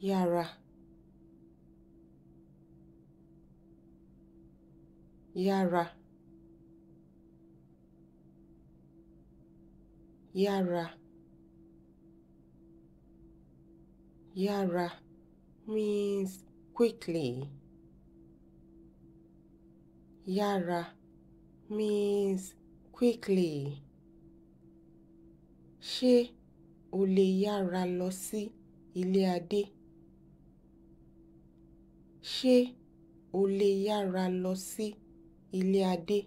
yára yára yára yára means quickly yára means quickly ṣé o lè yára lọ sí ilé Adé? ṣé o lè yára lọ sí ilé adé